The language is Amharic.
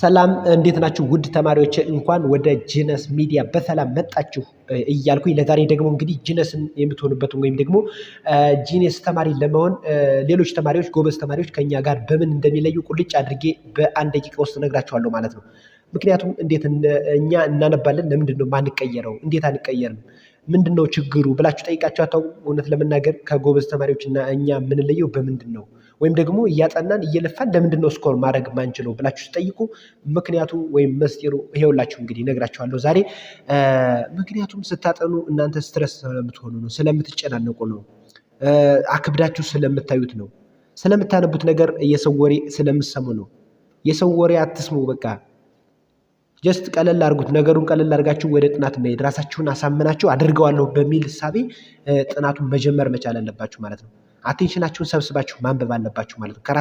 ሰላም እንዴት ናችሁ? ውድ ተማሪዎች እንኳን ወደ ጂነስ ሚዲያ በሰላም መጣችሁ እያልኩኝ ለዛሬ ደግሞ እንግዲህ ጂነስን የምትሆኑበትን ወይም ደግሞ ጂነስ ተማሪ ለመሆን ሌሎች ተማሪዎች፣ ጎበዝ ተማሪዎች ከኛ ጋር በምን እንደሚለዩ ቁልጭ አድርጌ በአንድ ደቂቃ ውስጥ እነግራችኋለሁ ማለት ነው። ምክንያቱም እንዴት እኛ እናነባለን፣ ለምንድን ነው ማንቀየረው? እንዴት አንቀየርም? ምንድን ነው ችግሩ ብላችሁ ጠይቃችሁ አታውቁም? እውነት ለመናገር ከጎበዝ ተማሪዎች እና እኛ የምንለየው በምንድን ነው ወይም ደግሞ እያጠናን እየለፋን ለምንድን ነው ስኮር ማድረግ ማንችለው ብላችሁ ስጠይቁ ምክንያቱ ወይም መስጢሩ ይሄውላችሁ እንግዲህ እነግራችኋለሁ ዛሬ። ምክንያቱም ስታጠኑ እናንተ ስትረስ ስለምትሆኑ ነው፣ ስለምትጨናነቁ ነው፣ አክብዳችሁ ስለምታዩት ነው፣ ስለምታነቡት ነገር የሰው ወሬ ስለምሰሙ ነው። የሰው ወሬ አትስሙ በቃ ጀስት ቀለል አድርጉት። ነገሩን ቀለል አድርጋችሁ ወደ ጥናት መሄድ ራሳችሁን አሳምናችሁ አድርገዋለሁ በሚል እሳቤ ጥናቱን መጀመር መቻል አለባችሁ ማለት ነው። አቴንሽናችሁን ሰብስባችሁ ማንበብ አለባችሁ ማለት ነው።